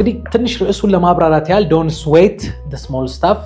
እንግዲህ ትንሽ ርዕሱን ለማብራራት ያህል ዶንስ ዌት ስሞል ስታፍ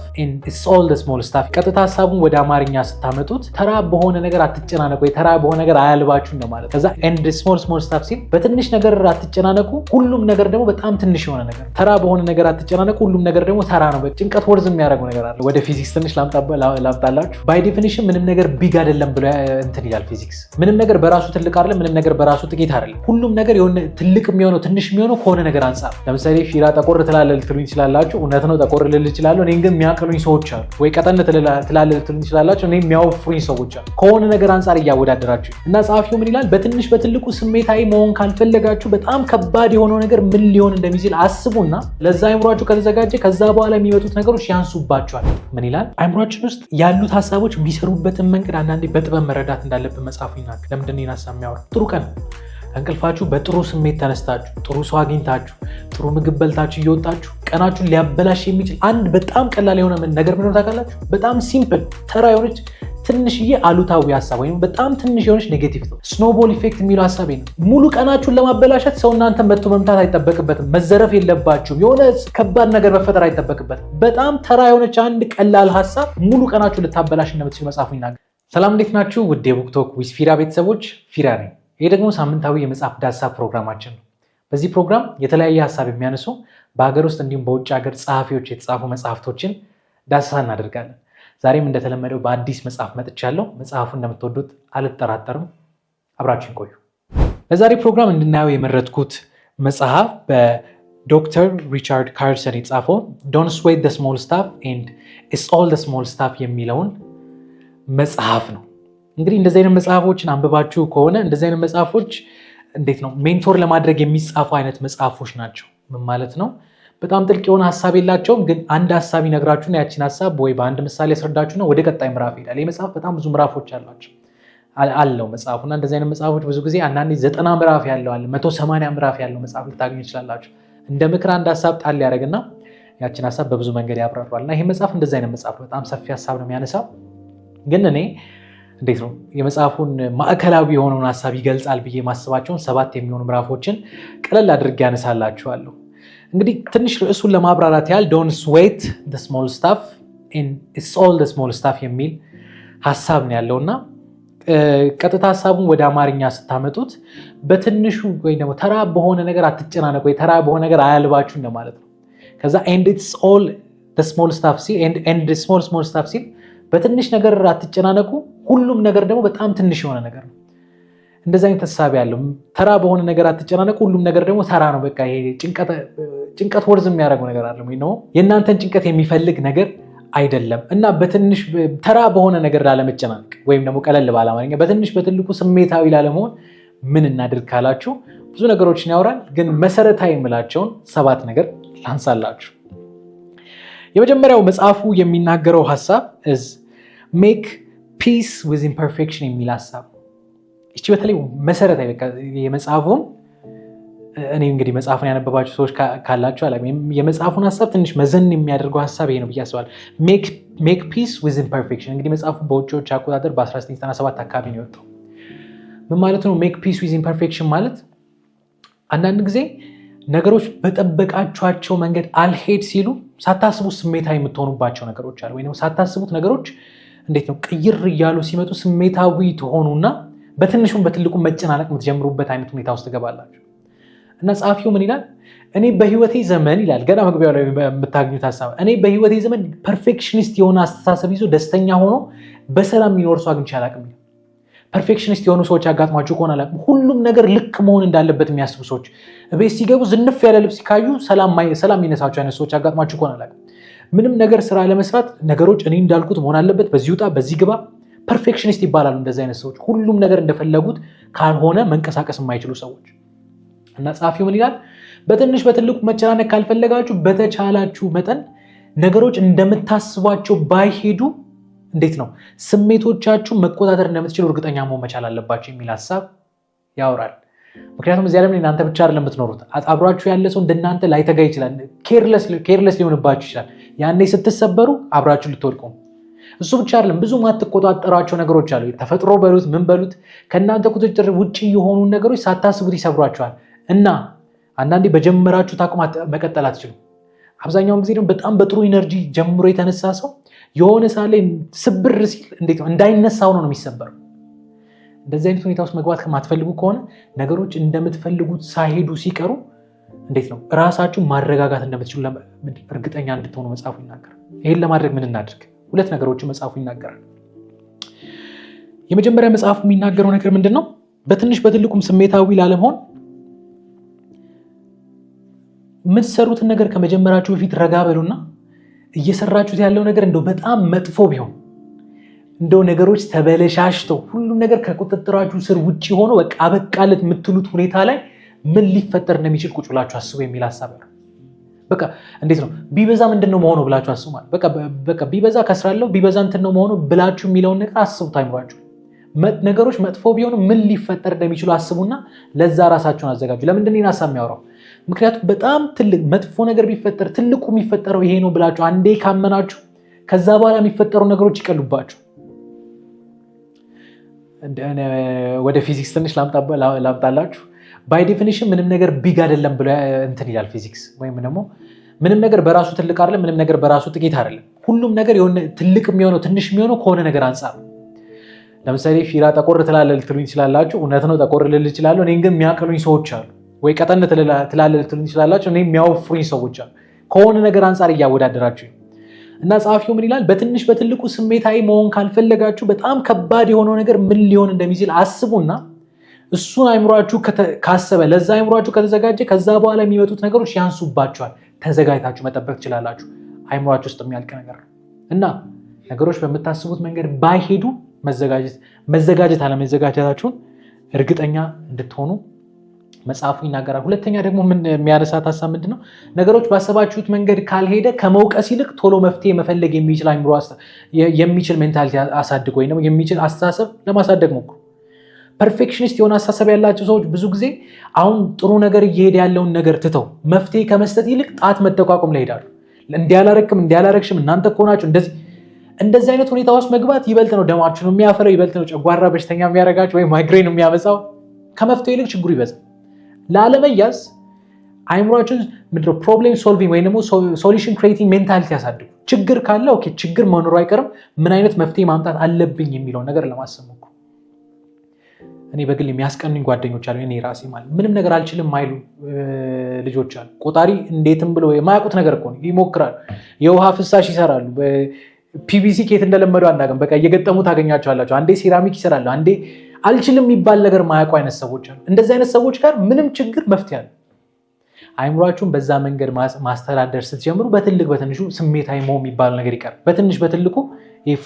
ኦል ስሞል ስታፍ። ቀጥታ ሀሳቡን ወደ አማርኛ ስታመጡት ተራ በሆነ ነገር አትጨናነቁ፣ ተራ በሆነ ነገር አያልባችሁ ማለት። ከዛ ኤንድ ስሞል ስሞል ስታፍ ሲል በትንሽ ነገር አትጨናነቁ፣ ሁሉም ነገር ደግሞ በጣም ትንሽ የሆነ ነገር። ተራ በሆነ ነገር አትጨናነቁ፣ ሁሉም ነገር ደግሞ ተራ ነው። ጭንቀት ወርዝ የሚያደርገው ነገር አለ። ወደ ፊዚክስ ትንሽ ላምጣላችሁ። ባይ ዴፊኒሽን ምንም ነገር ቢግ አይደለም ብሎ እንትን ይላል ፊዚክስ። ምንም ነገር በራሱ ትልቅ አይደለም፣ ምንም ነገር በራሱ ጥቂት አይደለም። ሁሉም ነገር ትልቅ የሚሆነው ትንሽ የሚሆነው ከሆነ ነገር አንጻር ለምሳሌ ሺራ ጠቆር ትላለ ልትሉኝ ትችላላችሁ። እውነት ነው፣ ጠቆር ልል እችላለሁ። እኔን ግን የሚያቀሉኝ ሰዎች አሉ። ወይ ቀጠን ትላለ ልትሉኝ ትችላላችሁ። እኔ የሚያወፍሩኝ ሰዎች አሉ። ከሆነ ነገር አንጻር እያወዳደራችሁ እና ጸሐፊው ምን ይላል? በትንሽ በትልቁ ስሜታዊ መሆን ካልፈለጋችሁ በጣም ከባድ የሆነው ነገር ምን ሊሆን እንደሚችል አስቡና ለዛ አይምሯችሁ ከተዘጋጀ ከዛ በኋላ የሚመጡት ነገሮች ያንሱባችኋል። ምን ይላል? አይምሯችን ውስጥ ያሉት ሀሳቦች የሚሰሩበትን መንገድ አንዳንዴ በጥበብ መረዳት እንዳለብን መጽሐፉ ይናገራል። ለምንድን ሀሳብ የሚያወራ? ጥሩ ቀን ከእንቅልፋችሁ በጥሩ ስሜት ተነስታችሁ ጥሩ ሰው አግኝታችሁ ጥሩ ምግብ በልታችሁ እየወጣችሁ ቀናችሁን ሊያበላሽ የሚችል አንድ በጣም ቀላል የሆነ ነገር ምንሆን ታውቃላችሁ? በጣም ሲምፕል ተራ የሆነች ትንሽዬ አሉታዊ ሀሳብ ወይም በጣም ትንሽ የሆነች ኔጌቲቭ ነው። ስኖቦል ኢፌክት የሚለው ሀሳቤ ነው። ሙሉ ቀናችሁን ለማበላሸት ሰው እናንተን መጥቶ መምታት አይጠበቅበትም። መዘረፍ የለባችሁም። የሆነ ከባድ ነገር መፈጠር አይጠበቅበትም። በጣም ተራ የሆነች አንድ ቀላል ሀሳብ ሙሉ ቀናችሁን ልታበላሽ እንደምትችል መጽሐፉ ይናገራል። ሰላም፣ እንዴት ናችሁ? ውድ የቡክቶክ ዊዝ ፊራ ቤተሰቦች ፊራ ነኝ። ይህ ደግሞ ሳምንታዊ የመጽሐፍ ዳሳ ፕሮግራማችን ነው። በዚህ ፕሮግራም የተለያየ ሀሳብ የሚያነሱ በሀገር ውስጥ እንዲሁም በውጭ ሀገር ጸሐፊዎች የተጻፉ መጽሐፍቶችን ዳሳ እናደርጋለን። ዛሬም እንደተለመደው በአዲስ መጽሐፍ መጥቻለሁ። መጽሐፉ እንደምትወዱት አልጠራጠርም። አብራችን ቆዩ። በዛሬ ፕሮግራም እንድናየው የመረጥኩት መጽሐፍ በዶክተር ሪቻርድ ካርሰን የጻፈው ዶን ስዌት ስሞል ስታፍ ኤንድ ኦል ስሞል ስታፍ የሚለውን መጽሐፍ ነው። እንግዲህ እንደዚህ አይነት መጽሐፎችን አንብባችሁ ከሆነ እንደዚህ አይነት መጽሐፎች እንዴት ነው ሜንቶር ለማድረግ የሚጻፉ አይነት መጽሐፎች ናቸው። ምን ማለት ነው? በጣም ጥልቅ የሆነ ሀሳብ የላቸውም፣ ግን አንድ ሀሳብ ይነግራችሁና ያችን ሀሳብ ወይ በአንድ ምሳሌ ነው ወደ ቀጣይ ምራፍ ይሄዳል። ይህ መጽሐፍ በጣም ብዙ ምራፎች አሏቸው አለው እና እንደዚህ አይነት መጽሐፎች ብዙ ጊዜ አንዳንዴ ዘጠና ምራፍ ያለው አለ፣ መቶ ሰማንያ ምራፍ ያለው መጽሐፍ ልታገኙ ይችላላችሁ። እንደ ምክር አንድ ሀሳብ ጣል ያደረግና ያችን ሀሳብ በብዙ መንገድ ያብራሯል እና ይህ መጽሐፍ እንደዚህ አይነት መጽሐፍ በጣም ሰፊ ሀሳብ ነው የሚያነሳው ግን እኔ እንዴት ነው የመጽሐፉን ማዕከላዊ የሆነውን ሀሳብ ይገልጻል ብዬ ማስባቸውን ሰባት የሚሆኑ ምዕራፎችን ቀለል አድርጌ ያነሳላችኋለሁ። እንግዲህ ትንሽ ርዕሱን ለማብራራት ያህል ዶን ስዌት ስሞል ስታፍ ኦል ስሞል ስታፍ የሚል ሀሳብ ነው ያለው እና ቀጥታ ሀሳቡን ወደ አማርኛ ስታመጡት በትንሹ ወይ ደግሞ ተራ በሆነ ነገር አትጨናነቁ ወይ ተራ በሆነ ነገር አያልባችሁ እንደማለት ነው። ከዛ ኤንድ ኢትስ ኦል ስሞል ስታፍ ሲል በትንሽ ነገር አትጨናነቁ ሁሉም ነገር ደግሞ በጣም ትንሽ የሆነ ነገር ነው። እንደዚ አይነት ተሳቢ ያለው ተራ በሆነ ነገር አትጨናነቅ። ሁሉም ነገር ደግሞ ተራ ነው። በቃ ይሄ ጭንቀት ወርዝ የሚያደርገው ነገር አለ ወይ ነው የእናንተን ጭንቀት የሚፈልግ ነገር አይደለም እና በትንሽ ተራ በሆነ ነገር ላለመጨናነቅ ወይም ደግሞ ቀለል ባለማለኛ በትንሽ በትልቁ ስሜታዊ ላለመሆን ምን እናድርግ ካላችሁ ብዙ ነገሮችን ያወራል፣ ግን መሰረታዊ የምላቸውን ሰባት ነገር ላንሳላችሁ። የመጀመሪያው መጽሐፉ የሚናገረው ሀሳብ ሜክ ፒስ ዊዝ ኢምፐርፌክሽን የሚል ሀሳብ እቺ በተለይ መሰረታዊ የመጽሐፉን እኔ እንግዲህ መጽሐፉን ያነበባቸው ሰዎች ካላቸው አላ የመጽሐፉን ሀሳብ ትንሽ መዘን የሚያደርገው ሀሳብ ይሄ ነው ብዬ አስባለሁ። ሜክ ፒስ ዊዝ ኢምፐርፌክሽን። እንግዲህ መጽሐፉ በውጭዎች አቆጣጠር በ1997 አካባቢ ነው የወጣው። ምን ማለት ነው? ሜክ ፒስ ዊዝ ኢምፐርፌክሽን ማለት አንዳንድ ጊዜ ነገሮች በጠበቃችኋቸው መንገድ አልሄድ ሲሉ ሳታስቡት ስሜታዊ የምትሆኑባቸው ነገሮች አሉ፣ ወይም ሳታስቡት ነገሮች እንዴት ነው ቅይር እያሉ ሲመጡ ስሜታዊ ትሆኑና በትንሹም በትልቁ መጨናነቅ የምትጀምሩበት አይነት ሁኔታ ውስጥ ትገባላችሁ። እና ጸሐፊው ምን ይላል? እኔ በህይወቴ ዘመን ይላል ገና መግቢያው ላይ የምታገኙት ሀሳብ እኔ በህይወቴ ዘመን ፐርፌክሽኒስት የሆነ አስተሳሰብ ይዞ ደስተኛ ሆኖ በሰላም የሚኖር ሰው አግኝቼ አላቅም ፐርፌክሽኒስት የሆኑ ሰዎች ያጋጥሟቸው ከሆነ አላቅም ሁሉም ነገር ልክ መሆን እንዳለበት የሚያስቡ ሰዎች፣ ቤት ሲገቡ ዝንፍ ያለ ልብስ ካዩ ሰላም የነሳቸው አይነት ሰዎች ያጋጥሟቸው ከሆነ አላቅም ምንም ነገር ስራ ለመስራት ነገሮች እኔ እንዳልኩት መሆን አለበት፣ በዚህ ውጣ፣ በዚህ ግባ። ፐርፌክሽኒስት ይባላሉ እንደዚ አይነት ሰዎች፣ ሁሉም ነገር እንደፈለጉት ካልሆነ መንቀሳቀስ የማይችሉ ሰዎች እና ጸሐፊው ምን ይላል? በትንሽ በትልቁ መጨናነቅ ካልፈለጋችሁ በተቻላችሁ መጠን ነገሮች እንደምታስቧቸው ባይሄዱ እንዴት ነው ስሜቶቻችሁ መቆጣጠር እንደምትችሉ እርግጠኛ መሆን መቻል አለባቸው የሚል ሀሳብ ያወራል። ምክንያቱም እዚህ ዓለም እናንተ ብቻ አይደለም የምትኖሩት። አብሯችሁ ያለ ሰው እንደናንተ ላይተጋ ይችላል፣ ኬርለስ ሊሆንባችሁ ይችላል። ያኔ ስትሰበሩ አብራችሁ ልትወድቁ። እሱ ብቻ አይደለም፣ ብዙ ማትቆጣጠሯቸው ነገሮች አሉ። ተፈጥሮ በሉት ምን በሉት ከእናንተ ቁጥጥር ውጭ የሆኑ ነገሮች ሳታስቡት ይሰብሯቸዋል። እና አንዳንዴ በጀመራችሁ ታቁም መቀጠል አትችሉ። አብዛኛውን ጊዜ ደግሞ በጣም በጥሩ ኢነርጂ ጀምሮ የተነሳ ሰው የሆነ ሰዓት ላይ ስብር ሲል እንዳይነሳ ሆኖ ነው የሚሰበረው። እንደዚህ አይነት ሁኔታ ውስጥ መግባት ከማትፈልጉ ከሆነ ነገሮች እንደምትፈልጉት ሳይሄዱ ሲቀሩ እንዴት ነው እራሳችሁ ማረጋጋት እንደምትችሉ እርግጠኛ እንድትሆኑ መጽሐፉ ይናገራል። ይህን ለማድረግ ምን እናድርግ? ሁለት ነገሮችን መጽሐፉ ይናገራል። የመጀመሪያ መጽሐፉ የሚናገረው ነገር ምንድን ነው? በትንሽ በትልቁም ስሜታዊ ላለመሆን የምትሰሩትን ነገር ከመጀመራችሁ በፊት ረጋ በሉና እየሰራችሁት ያለው ነገር እንደው በጣም መጥፎ ቢሆን እንደው ነገሮች ተበለሻሽተው ሁሉም ነገር ከቁጥጥራችሁ ስር ውጭ ሆኖ በቃ አበቃለት የምትሉት ሁኔታ ላይ ምን ሊፈጠር እንደሚችል ቁጭ ብላችሁ አስቡ የሚል ሀሳብ ነው። በቃ እንዴት ነው ቢበዛ ምንድን ነው መሆኑ ብላችሁ አስቡ። ማለት በቃ ቢበዛ ከስራለሁ ቢበዛ እንትን ነው መሆኑ ብላችሁ የሚለውን ነገር አስቡት። አይምሯችሁ ነገሮች መጥፎ ቢሆኑ ምን ሊፈጠር እንደሚችሉ አስቡና ለዛ ራሳችሁን አዘጋጁ። ለምንድን ነው ሀሳብ የሚያወራው? ምክንያቱም በጣም ትልቅ መጥፎ ነገር ቢፈጠር ትልቁ የሚፈጠረው ይሄ ነው ብላችሁ አንዴ ካመናችሁ ከዛ በኋላ የሚፈጠሩ ነገሮች ይቀሉባችሁ። ወደ ፊዚክስ ትንሽ ላምጣላችሁ። ባይ ዴፊኒሽን ምንም ነገር ቢግ አይደለም ብሎ እንትን ይላል ፊዚክስ። ወይም ደግሞ ምንም ነገር በራሱ ትልቅ አይደለም፣ ምንም ነገር በራሱ ጥቂት አይደለም። ሁሉም ነገር የሆነ ትልቅ የሚሆነው ትንሽ የሚሆነው ከሆነ ነገር አንጻር ለምሳሌ ፊራ ጠቆር ትላለ ልትሉኝ ትችላላችሁ። እውነት ነው፣ ጠቆር ልል እችላለሁ። እኔ ግን የሚያቅሉኝ ሰዎች አሉ። ወይ ቀጠን ትላለ ልትሉኝ ትችላላችሁ። እኔ የሚያወፍሩኝ ሰዎች አሉ። ከሆነ ነገር አንጻር እያወዳደራችሁ እና ጸሐፊው ምን ይላል? በትንሽ በትልቁ ስሜታዊ መሆን ካልፈለጋችሁ በጣም ከባድ የሆነው ነገር ምን ሊሆን እንደሚችል አስቡና እሱን አይምሯችሁ ካሰበ ለዛ አይምሯችሁ ከተዘጋጀ ከዛ በኋላ የሚመጡት ነገሮች ያንሱባችኋል። ተዘጋጅታችሁ መጠበቅ ትችላላችሁ። አይምሯችሁ ውስጥ የሚያልቅ ነገር ነው እና ነገሮች በምታስቡት መንገድ ባይሄዱ መዘጋጀት መዘጋጀት አለመዘጋጀታችሁን እርግጠኛ እንድትሆኑ መጽሐፉ ይናገራል። ሁለተኛ ደግሞ ምን የሚያነሳት ሀሳብ ምንድን ነው? ነገሮች ባሰባችሁት መንገድ ካልሄደ ከመውቀስ ይልቅ ቶሎ መፍትሄ መፈለግ የሚችል አይምሮ የሚችል ሜንታሊቲ አሳድግ ወይ የሚችል አስተሳሰብ ለማሳደግ ሞክሩ። ፐርፌክሽኒስት የሆነ አስተሳሰብ ያላቸው ሰዎች ብዙ ጊዜ አሁን ጥሩ ነገር እየሄደ ያለውን ነገር ትተው መፍትሄ ከመስጠት ይልቅ ጣት መጠቋቁም ላይ ሄዳሉ። እንዲያላረክም እንዲያላረክሽም እናንተ እኮ እንደዚህ እንደዚህ አይነት ሁኔታ ውስጥ መግባት ይበልጥ ነው ደማችሁን የሚያፈረው፣ ይበልጥ ነው ጨጓራ በሽተኛ የሚያደርጋችሁ ወይም ማይግሬን የሚያበዛው። ከመፍትሄ ይልቅ ችግሩ ይበዛል። ላለመያዝ አይምሯቸውን ምንድነው ፕሮብሌም ሶልቪንግ ወይም ደግሞ ሶሉሽን ክሬቲንግ ሜንታሊቲ ያሳድጉ። ችግር ካለ ኦኬ ችግር መኖሩ አይቀርም፣ ምን አይነት መፍትሄ ማምጣት አለብኝ የሚለውን ነገር ለማሰብ እኔ በግል የሚያስቀኑኝ ጓደኞች አሉ። እኔ ራሴ ማለት ምንም ነገር አልችልም ማይሉ ልጆች አሉ። ቆጣሪ እንዴትም ብሎ የማያውቁት ነገር እኮ ይሞክራሉ። የውሃ ፍሳሽ ይሰራሉ። ፒቪሲ ኬት እንደለመደው አናውቅም። በቃ እየገጠሙ ታገኛቸዋላቸው። አንዴ ሴራሚክ ይሰራሉ፣ አንዴ አልችልም የሚባል ነገር ማያውቁ አይነት ሰዎች አሉ። እንደዚህ አይነት ሰዎች ጋር ምንም ችግር መፍትሄ ነው አይምሯችሁን በዛ መንገድ ማስተዳደር ስትጀምሩ በትልቅ በትንሹ ስሜታዊ መሆን የሚባለው ነገር ይቀር። በትንሽ በትልቁ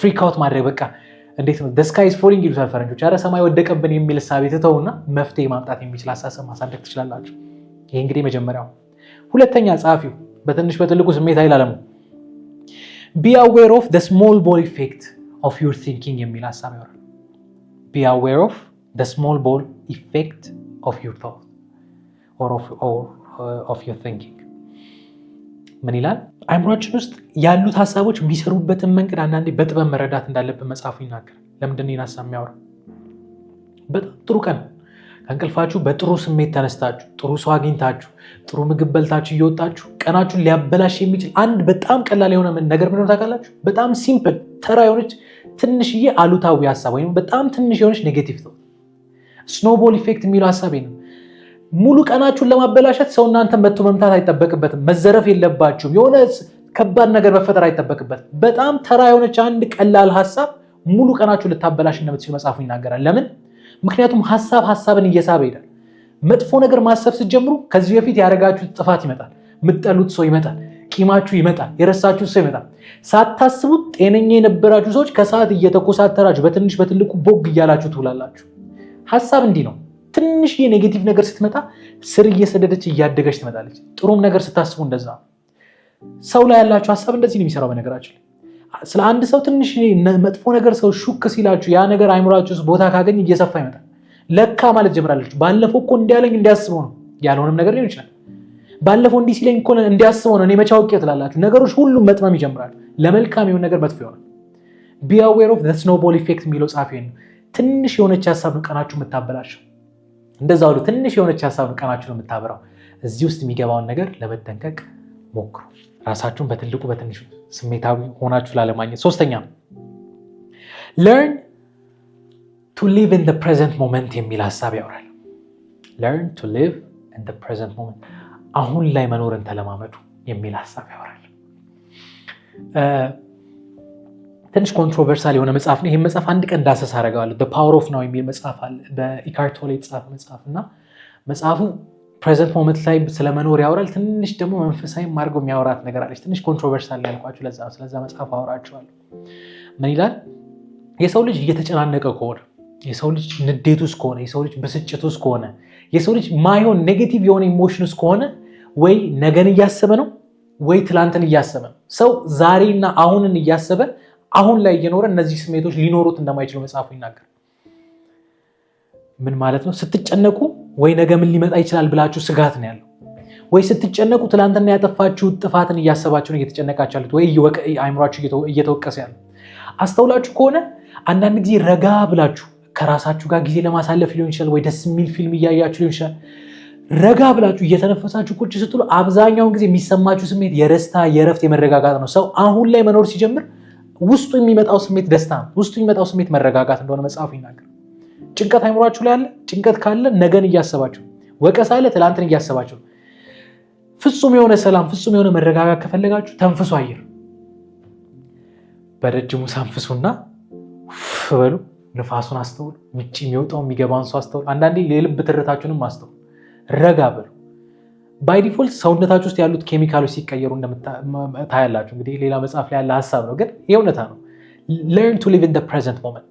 ፍሪካውት ማድረግ በቃ እንዴት ነው ደስካይ ፎሊንግ ይሉታል ፈረንጆች። አረ ሰማይ ወደቀብን የሚል እሳቤ ትተውና መፍትሄ ማምጣት የሚችል አሳሰብ ማሳደግ ትችላላችሁ። ይህ እንግዲህ መጀመሪያው። ሁለተኛ ጸሐፊው በትንሽ በትልቁ ስሜት ላለመሆን ቢ አዌር ኦፍ ስሞል ቦል ኢፌክት ኦፍ ዩር ቲንኪንግ የሚል ሀሳብ ያወራል። be aware of the small ball effect of your thought or of, or, uh, of your thinking ምን ይላል? አይምሮችን ውስጥ ያሉት ሀሳቦች የሚሰሩበትን መንገድ አንዳንዴ በጥበብ መረዳት እንዳለብን መጽሐፉ ይናገር ለምንድን ይናሳ ሀሳብ በጣም ጥሩ ቀን ከእንቅልፋችሁ በጥሩ ስሜት ተነስታችሁ ጥሩ ሰው አግኝታችሁ ጥሩ ምግብ በልታችሁ እየወጣችሁ ቀናችሁን ሊያበላሽ የሚችል አንድ በጣም ቀላል የሆነ ነገር ምንድን ታውቃላችሁ? በጣም ሲምፕል ተራ የሆነች ትንሽዬ አሉታዊ ሀሳብ ወይም በጣም ትንሽ የሆነች ኔጌቲቭ ነው። ስኖቦል ኢፌክት የሚለው ሀሳቤ ነው። ሙሉ ቀናችሁን ለማበላሸት ሰው እናንተን መቶ መምታት አይጠበቅበትም። መዘረፍ የለባችሁም። የሆነ ከባድ ነገር መፈጠር አይጠበቅበትም። በጣም ተራ የሆነች አንድ ቀላል ሀሳብ ሙሉ ቀናችሁ ልታበላሽ እንደምትችል መጽሐፉ ይናገራል። ለምን? ምክንያቱም ሀሳብ ሀሳብን እየሳበ ይሄዳል። መጥፎ ነገር ማሰብ ስትጀምሩ ከዚህ በፊት ያደረጋችሁት ጥፋት ይመጣል። ምጠሉት ሰው ይመጣል። ቂማችሁ ይመጣል፣ የረሳችሁ ሰው ይመጣል። ሳታስቡት ጤነኛ የነበራችሁ ሰዎች ከሰዓት እየተኮሳተራችሁ በትንሽ በትልቁ ቦግ እያላችሁ ትውላላችሁ። ሀሳብ እንዲህ ነው። ትንሽ የኔጌቲቭ ነገር ስትመጣ ስር እየሰደደች እያደገች ትመጣለች። ጥሩም ነገር ስታስቡ እንደዛ ነው። ሰው ላይ ያላችሁ ሀሳብ እንደዚህ ነው የሚሰራው። በነገራችን ስለ አንድ ሰው ትንሽ መጥፎ ነገር ሰው ሹክ ሲላችሁ ያ ነገር አይምሯችሁ ቦታ ካገኝ እየሰፋ ይመጣል። ለካ ማለት ጀምራለች። ባለፈው እኮ እንዲያለኝ እንዲያስበው ነው። ያልሆነም ነገር ሊሆን ይችላል ባለፈው እንዲህ ሲለኝ እኮ እንዲያስበው ነው እኔ መቼ አውቄው ትላላችሁ። ነገሮች ሁሉም መጥመም ይጀምራል። ለመልካም የሆነ ነገር መጥፎ ይሆናል። ቢ አዌር ኦፍ ስኖቦል ኢፌክት የሚለው ነው። ትንሽ የሆነች ሀሳብ ነው ቀናችሁ የምታበላሸው። እንደዛ ሁሉ ትንሽ የሆነች ሀሳብ ነው ቀናችሁ ነው የምታበራው። እዚህ ውስጥ የሚገባውን ነገር ለመጠንቀቅ ሞክሩ። ራሳችሁን በትልቁ በትንሹ ስሜታዊ ሆናችሁ ላለማግኘት። ሶስተኛ ለርን ቱ ሊቭ ኢን ፕሬዘንት ሞመንት የሚል ሀሳብ ያወራል። ለርን ቱ ሊቭ ኢን ፕሬዘንት ሞመንት አሁን ላይ መኖርን ተለማመዱ የሚል ሀሳብ ያወራል። ትንሽ ኮንትሮቨርሳል የሆነ መጽሐፍ ነው። ይህ መጽሐፍ አንድ ቀን ዳሰሳ አደርገዋለሁ። ፓወር ኦፍ ናው የሚል መጽሐፍ አለ። በኢካርቶ ላይ የተጻፈ መጽሐፍ እና መጽሐፉ ፕሬዘንት ሞመንት ላይ ስለመኖር ያወራል። ትንሽ ደግሞ መንፈሳዊ ማድርገው የሚያወራት ነገር አለች። ትንሽ ኮንትሮቨርሳል ያልኳቸው ለዛ ስለዛ መጽሐፍ አወራችኋለሁ። ምን ይላል? የሰው ልጅ እየተጨናነቀ ከሆነ የሰው ልጅ ንዴት ውስጥ ከሆነ የሰው ልጅ ብስጭት ውስጥ ከሆነ የሰው ልጅ ማይሆን ኔጌቲቭ የሆነ ኢሞሽን ውስጥ ከሆነ ወይ ነገን እያሰበ ነው ወይ ትላንትን እያሰበ ነው። ሰው ዛሬና አሁንን እያሰበ አሁን ላይ እየኖረ እነዚህ ስሜቶች ሊኖሩት እንደማይችሉ መጽሐፉ ይናገር። ምን ማለት ነው? ስትጨነቁ ወይ ነገ ምን ሊመጣ ይችላል ብላችሁ ስጋት ነው ያለው፣ ወይ ስትጨነቁ ትላንትና ያጠፋችሁ ጥፋትን እያሰባችሁ ነው እየተጨነቃችሁ ያሉት፣ ወይ አይምሯችሁ እየተወቀሰ ያለ። አስተውላችሁ ከሆነ አንዳንድ ጊዜ ረጋ ብላችሁ ከራሳችሁ ጋር ጊዜ ለማሳለፍ ሊሆን ይችላል፣ ወይ ደስ የሚል ፊልም እያያችሁ ሊሆን ይችላል ረጋ ብላችሁ እየተነፈሳችሁ ቁጭ ስትሉ አብዛኛውን ጊዜ የሚሰማችሁ ስሜት የደስታ፣ የእረፍት፣ የመረጋጋት ነው። ሰው አሁን ላይ መኖር ሲጀምር ውስጡ የሚመጣው ስሜት ደስታ ነው። ውስጡ የሚመጣው ስሜት መረጋጋት እንደሆነ መጽሐፉ ይናገር። ጭንቀት አይምሯችሁ ላይ አለ። ጭንቀት ካለ ነገን እያሰባችሁ፣ ወቀሳ አለ ትላንትን እያሰባችሁ። ፍጹም የሆነ ሰላም፣ ፍጹም የሆነ መረጋጋት ከፈለጋችሁ ተንፍሱ አየር በረጅሙ ሳንፍሱና ፍበሉ። ንፋሱን አስተውሉ። ምጭ የሚወጣው የሚገባውን ሰው አስተውሉ። አንዳንዴ የልብ ትርታችሁንም አስተውሉ። ረጋ በሉ። ባይ ዲፎልት ሰውነታችሁ ውስጥ ያሉት ኬሚካሎች ሲቀየሩ ታያላችሁ። እንግዲህ ሌላ መጽሐፍ ላይ ያለ ሀሳብ ነው፣ ግን የእውነታ ነው። ለርን ቱ ሊቭ ኢን ፕሬዘንት ሞመንት፣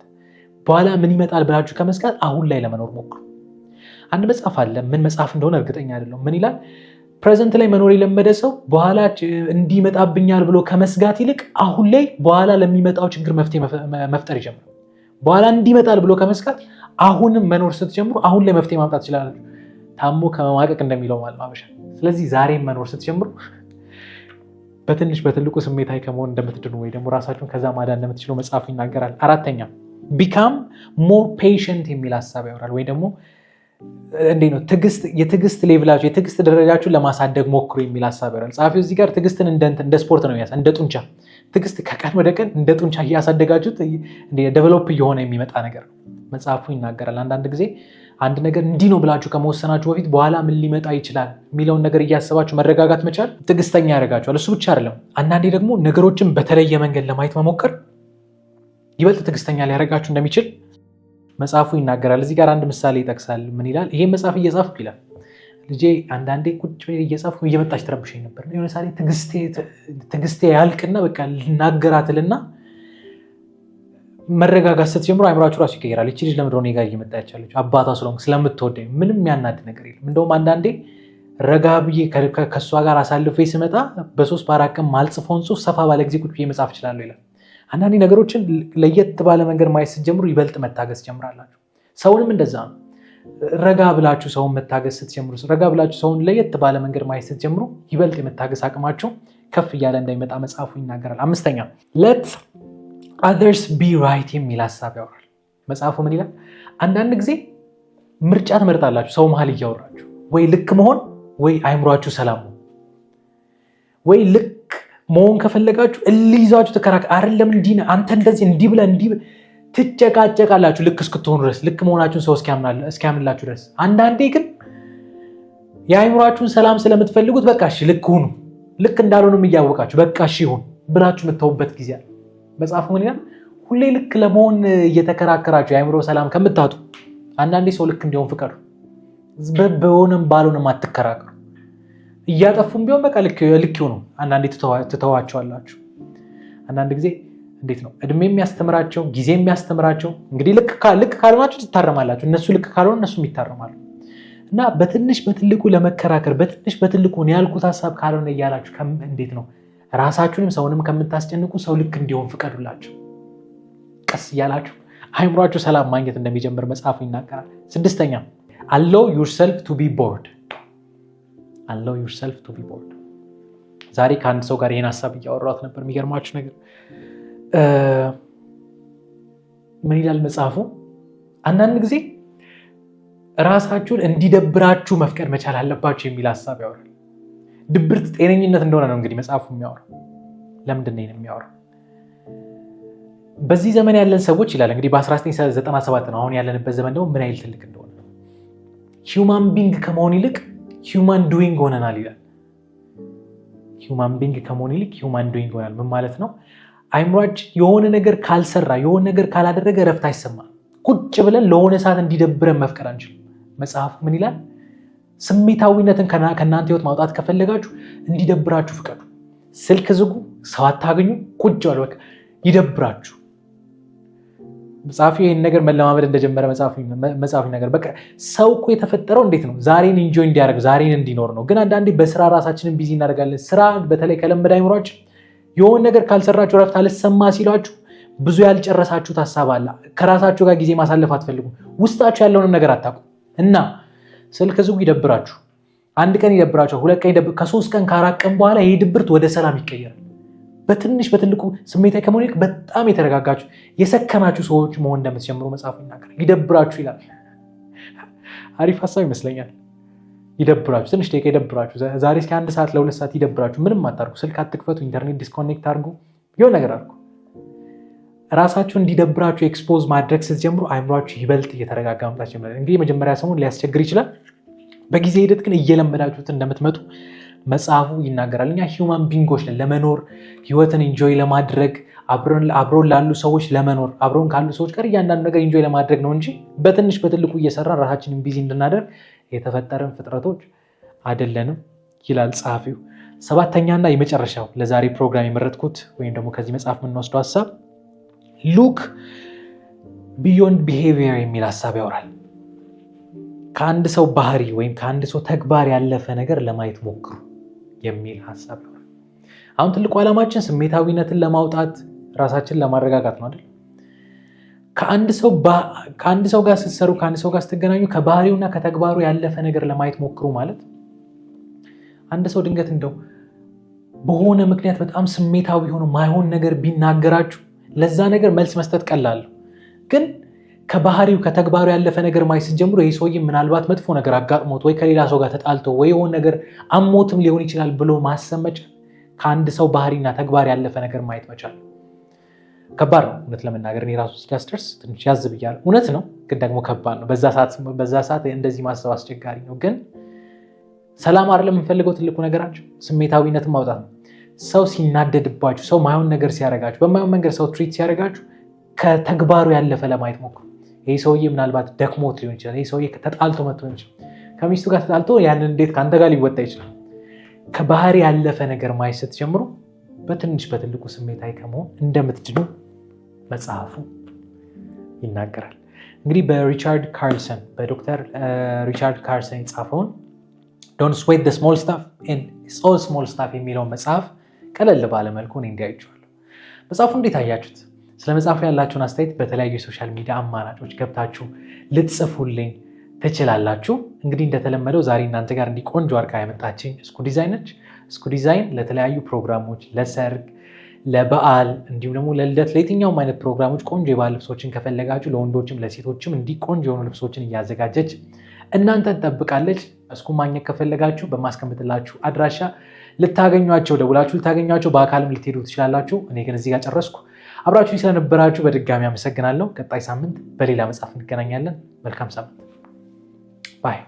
በኋላ ምን ይመጣል ብላችሁ ከመስጋት አሁን ላይ ለመኖር ሞክሩ። አንድ መጽሐፍ አለ፣ ምን መጽሐፍ እንደሆነ እርግጠኛ አይደለም። ምን ይላል? ፕሬዘንት ላይ መኖር የለመደ ሰው በኋላ እንዲመጣብኛል ብሎ ከመስጋት ይልቅ አሁን ላይ በኋላ ለሚመጣው ችግር መፍትሄ መፍጠር ይጀምራል። በኋላ እንዲመጣል ብሎ ከመስጋት አሁንም መኖር ስትጀምሩ አሁን ላይ መፍትሄ ማምጣት ትችላላችሁ። ታሞ ከመማቀቅ እንደሚለው ማለት ማበሻ። ስለዚህ ዛሬ መኖር ስትጀምሩ በትንሽ በትልቁ ስሜታዊ ከመሆን እንደምትድኑ ወይ ደግሞ ራሳችሁን ከዛ ማዳን እንደምትችሉ መጽሐፉ ይናገራል። አራተኛ ቢካም ሞር ፔሽንት የሚል ሀሳብ ያወራል። ወይ ደግሞ እንዴ ነው የትግስት ሌቭላችሁ የትግስት ደረጃችሁን ለማሳደግ ሞክሩ የሚል ሀሳብ ያወራል ጸሐፊው። እዚህ ጋር ትግስትን እንደ ስፖርት ነው እንደ ጡንቻ ትግስት ከቀን ወደ ቀን እንደ ጡንቻ እያሳደጋችሁት ደቨሎፕ እየሆነ የሚመጣ ነገር ነው መጽሐፉ ይናገራል። አንዳንድ ጊዜ አንድ ነገር እንዲህ ነው ብላችሁ ከመወሰናችሁ በፊት በኋላ ምን ሊመጣ ይችላል የሚለውን ነገር እያሰባችሁ መረጋጋት መቻል ትዕግስተኛ ያደርጋችኋል። እሱ ብቻ አይደለም፣ አንዳንዴ ደግሞ ነገሮችን በተለየ መንገድ ለማየት መሞከር ይበልጥ ትዕግስተኛ ሊያደርጋችሁ እንደሚችል መጽሐፉ ይናገራል። እዚህ ጋር አንድ ምሳሌ ይጠቅሳል። ምን ይላል? ይሄ መጽሐፍ እየጻፍኩ ይላል ልጄ አንዳንዴ ቁጭ እየጻፍኩ እየመጣች ትረብሸኝ ነበር። የሆነ ትዕግስቴ ያልቅና በቃ ልናገራትልና መረጋጋት ስትጀምሮ አይምራችሁ ራሱ ይቀየራል። ይቺ ልጅ ለምድሮ ጋ እየመጣች ያለች አባቷ ስለሆንኩ ስለምትወደኝ ምንም ያናድ ነገር የለም። እንደውም አንዳንዴ ረጋ ብዬ ከእሷ ጋር አሳልፌ ስመጣ በሶስት በአራት ቀን ማልጽፎን ጽሁፍ ሰፋ ባለ ጊዜ ቁጭ ብዬ መጻፍ እችላለሁ ይላል። አንዳንዴ ነገሮችን ለየት ባለ መንገድ ማየት ስትጀምሩ ይበልጥ መታገስ ጀምራላችሁ። ሰውንም እንደዛ ነው። ረጋ ብላችሁ ሰውን መታገስ ስትጀምሩ፣ ረጋ ብላችሁ ሰውን ለየት ባለ መንገድ ማየት ስትጀምሩ ይበልጥ የመታገስ አቅማችሁ ከፍ እያለ እንደሚመጣ መጽሐፉ ይናገራል። አምስተኛ ለት አዘርስ ቢ ራይት የሚል ሀሳብ ያወራል። መጽሐፉ ምን ይላል? አንዳንድ ጊዜ ምርጫ ትመርጣላችሁ። ሰው መሀል እያወራችሁ ወይ ልክ መሆን ወይ አይምሯችሁ ሰላም ነው። ወይ ልክ መሆን ከፈለጋችሁ እልይዛችሁ ተከራከ አይደለም እንዲ አንተ እንደዚህ እንዲህ ብለ እንዲ ትጨቃጨቃላችሁ ልክ እስክትሆኑ ድረስ ልክ መሆናችሁን ሰው እስኪያምንላችሁ ድረስ። አንዳንዴ ግን የአይምሯችሁን ሰላም ስለምትፈልጉት በቃ ልክ ሁኑ፣ ልክ እንዳልሆንም እያወቃችሁ በቃ እሺ ይሁን ብላችሁ የምታውበት ጊዜ አለ። መጽሐፉ ምን ይላል? ሁሌ ልክ ለመሆን እየተከራከራችሁ የአእምሮ ሰላም ከምታጡ አንዳንዴ ሰው ልክ እንዲሆን ፍቀዱ። በሆነም ባልሆነም አትከራከሩ። እያጠፉም ቢሆን በቃ ልክ ነው። አንዳንዴ ትተዋቸዋላችሁ። አንዳንድ ጊዜ እንዴት ነው እድሜ የሚያስተምራቸው ጊዜ የሚያስተምራቸው። እንግዲህ ልክ ካልሆናችሁ ትታረማላችሁ። እነሱ ልክ ካልሆነ እነሱም ይታረማሉ። እና በትንሽ በትልቁ ለመከራከር በትንሽ በትልቁ ያልኩት ሀሳብ ካልሆነ እያላችሁ እንዴት ነው ራሳችሁንም ሰውንም ከምታስጨንቁ ሰው ልክ እንዲሆን ፍቀዱላቸው። ቀስ እያላችሁ አይምሯችሁ ሰላም ማግኘት እንደሚጀምር መጽሐፉ ይናገራል። ስድስተኛ አለው ዩርሰልፍ ቱ ቢ ቦርድ አለው ዩርሰልፍ ቱ ቢ ቦርድ። ዛሬ ከአንድ ሰው ጋር ይህን ሀሳብ እያወራት ነበር። የሚገርማችሁ ነገር ምን ይላል መጽሐፉ? አንዳንድ ጊዜ ራሳችሁን እንዲደብራችሁ መፍቀድ መቻል አለባችሁ የሚል ሀሳብ ያወራል። ድብርት ጤነኝነት እንደሆነ ነው እንግዲህ መጽሐፉ የሚያወራው። ለምንድን ነው የሚያወራው? በዚህ ዘመን ያለን ሰዎች ይላል እንግዲህ በ1997 ነው። አሁን ያለንበት ዘመን ደግሞ ምን ያህል ትልቅ እንደሆነ ሂውማን ቢንግ ከመሆን ይልቅ ሂውማን ዱዊንግ ሆነናል ይላል። ሂውማን ቢንግ ከመሆን ይልቅ ሂውማን ዱዊንግ ሆናል። ምን ማለት ነው? አይምሯችን የሆነ ነገር ካልሰራ የሆነ ነገር ካላደረገ ረፍት አይሰማ ቁጭ ብለን ለሆነ ሰዓት እንዲደብረን መፍቀር አንችልም። መጽሐፉ ምን ይላል? ስሜታዊነትን ከእናንተ ህይወት ማውጣት ከፈለጋችሁ እንዲደብራችሁ ፍቀዱ። ስልክ ዝጉ፣ ሰው አታገኙ፣ ቁጭ በሉ። በቃ ይደብራችሁ። መጽሐፊ ይህን ነገር መለማመድ እንደጀመረ መጽሐፊ ነገር በቃ ሰው እኮ የተፈጠረው እንዴት ነው? ዛሬን ኢንጆይ እንዲያደርግ ዛሬን እንዲኖር ነው። ግን አንዳንዴ በስራ ራሳችንን ቢዚ እናደርጋለን። ስራ በተለይ ከለመደ አይምሯችን የሆን ነገር ካልሰራችሁ ረፍት አልሰማ ሲሏችሁ ብዙ ያልጨረሳችሁት ሀሳብ አለ። ከራሳችሁ ጋር ጊዜ ማሳለፍ አትፈልጉም። ውስጣችሁ ያለውን ነገር አታቁም እና ስልክ ዝጉ፣ ይደብራችሁ። አንድ ቀን ይደብራችሁ፣ ሁለት ቀን ይደብር፣ ከሶስት ቀን ከአራት ቀን በኋላ ይሄ ድብርት ወደ ሰላም ይቀየራል። በትንሽ በትልቁ ስሜታዊ ከመሆን ይልቅ በጣም የተረጋጋችሁ የሰከናችሁ ሰዎች መሆን እንደምትጀምሩ መጽሐፉ ይናገራል። ይደብራችሁ ይላል። አሪፍ ሀሳብ ይመስለኛል። ይደብራችሁ ትንሽ ደቂቃ ይደብራችሁ። ዛሬ እስከ አንድ ሰዓት ለሁለት ሰዓት ይደብራችሁ። ምንም አታርጉ። ስልክ አትክፈቱ። ኢንተርኔት ዲስኮኔክት አርጉ። የሆነ ነገር አርጉ። ራሳችሁ እንዲደብራችሁ ኤክስፖዝ ማድረግ ስትጀምሩ አይምሯችሁ ይበልጥ እየተረጋጋ መምጣት ጀምራል። እንግዲህ መጀመሪያ ሰሞን ሊያስቸግር ይችላል። በጊዜ ሂደት ግን እየለመዳችሁት እንደምትመጡ መጽሐፉ ይናገራል። እኛ ሂውማን ቢንጎች ነን። ለመኖር ህይወትን ኢንጆይ ለማድረግ አብሮን ላሉ ሰዎች ለመኖር አብሮን ካሉ ሰዎች ጋር እያንዳንዱ ነገር ኢንጆይ ለማድረግ ነው እንጂ በትንሽ በትልቁ እየሰራን ራሳችንን ቢዚ እንድናደርግ የተፈጠርን ፍጥረቶች አይደለንም ይላል ጸሐፊው። ሰባተኛና የመጨረሻው ለዛሬ ፕሮግራም የመረጥኩት ወይም ደግሞ ከዚህ መጽሐፍ የምንወስደው ሀሳብ ሉክ ቢዮንድ ቢሄቪየር የሚል ሀሳብ ያወራል። ከአንድ ሰው ባህሪ ወይም ከአንድ ሰው ተግባር ያለፈ ነገር ለማየት ሞክሩ የሚል ሀሳብ ያወራል። አሁን ትልቁ ዓላማችን ስሜታዊነትን ለማውጣት ራሳችን ለማረጋጋት ነው አይደል? ከአንድ ሰው ጋር ስትሰሩ፣ ከአንድ ሰው ጋር ስትገናኙ ከባህሪውና ከተግባሩ ያለፈ ነገር ለማየት ሞክሩ ማለት አንድ ሰው ድንገት እንደው በሆነ ምክንያት በጣም ስሜታዊ ሆኖ ማይሆን ነገር ቢናገራችሁ ለዛ ነገር መልስ መስጠት ቀላል ግን ከባህሪው ከተግባሩ ያለፈ ነገር ማየት ስትጀምሩ ይህ ሰው ምናልባት መጥፎ ነገር አጋጥሞት ወይ ከሌላ ሰው ጋር ተጣልቶ ወይ የሆን ነገር አሞትም ሊሆን ይችላል ብሎ ማሰመጭ ከአንድ ሰው ባህሪና ተግባር ያለፈ ነገር ማየት መቻል ከባድ ነው። እውነት ለመናገር እኔ ራሱ ሲያስደርስ ትንሽ ያዝብያል እውነት ነው፣ ግን ደግሞ ከባድ ነው። በዛ ሰዓት እንደዚህ ማሰብ አስቸጋሪ ነው። ግን ሰላም አር ለምንፈልገው ትልቁ ነገራቸው ስሜታዊነትን ማውጣት ነው። ሰው ሲናደድባችሁ፣ ሰው ማየውን ነገር ሲያረጋችሁ፣ በማየውን መንገድ ሰው ትሪት ሲያረጋችሁ ከተግባሩ ያለፈ ለማየት ሞክሩ። ይህ ሰውዬ ምናልባት ደክሞት ሊሆን ይችላል። ይህ ሰውዬ ተጣልቶ መጥቶ ሊሆን ይችላል። ከሚስቱ ጋር ተጣልቶ ያንን እንዴት ከአንተ ጋር ሊወጣ ይችላል። ከባህሪ ያለፈ ነገር ማየት ስትጀምሩ በትንሽ በትልቁ ስሜታዊ ከመሆን እንደምትድኑ መጽሐፉ ይናገራል። እንግዲህ በሪቻርድ ካርልሰን በዶክተር ሪቻርድ ካርልሰን የጻፈውን ዶንት ስዌት ስሞል ስታፍ ስታፍ የሚለውን መጽሐፍ ቀለል ባለ መልኩ እኔ እንዲያይቸዋለሁ። መጽሐፉ እንዴት አያችሁት? ስለ መጽሐፉ ያላችሁን አስተያየት በተለያዩ የሶሻል ሚዲያ አማራጮች ገብታችሁ ልትጽፉልኝ ትችላላችሁ። እንግዲህ እንደተለመደው ዛሬ እናንተ ጋር እንዲ ቆንጆ አርካ ያመጣችኝ እስኩ ዲዛይን ነች። እስኩ ዲዛይን ለተለያዩ ፕሮግራሞች፣ ለሰርግ፣ ለበዓል እንዲሁም ደግሞ ለልደት፣ ለየትኛውም አይነት ፕሮግራሞች ቆንጆ የባህል ልብሶችን ከፈለጋችሁ ለወንዶችም ለሴቶችም እንዲህ ቆንጆ የሆኑ ልብሶችን እያዘጋጀች እናንተ ትጠብቃለች። እስኩ ማግኘት ከፈለጋችሁ በማስቀምጥላችሁ አድራሻ ልታገኟቸው ደውላችሁ ልታገኟቸው፣ በአካልም ልትሄዱ ትችላላችሁ። እኔ ግን እዚህ ጋር ጨረስኩ። አብራችሁኝ ስለነበራችሁ በድጋሚ አመሰግናለሁ። ቀጣይ ሳምንት በሌላ መጽሐፍ እንገናኛለን። መልካም ሳምንት ባይ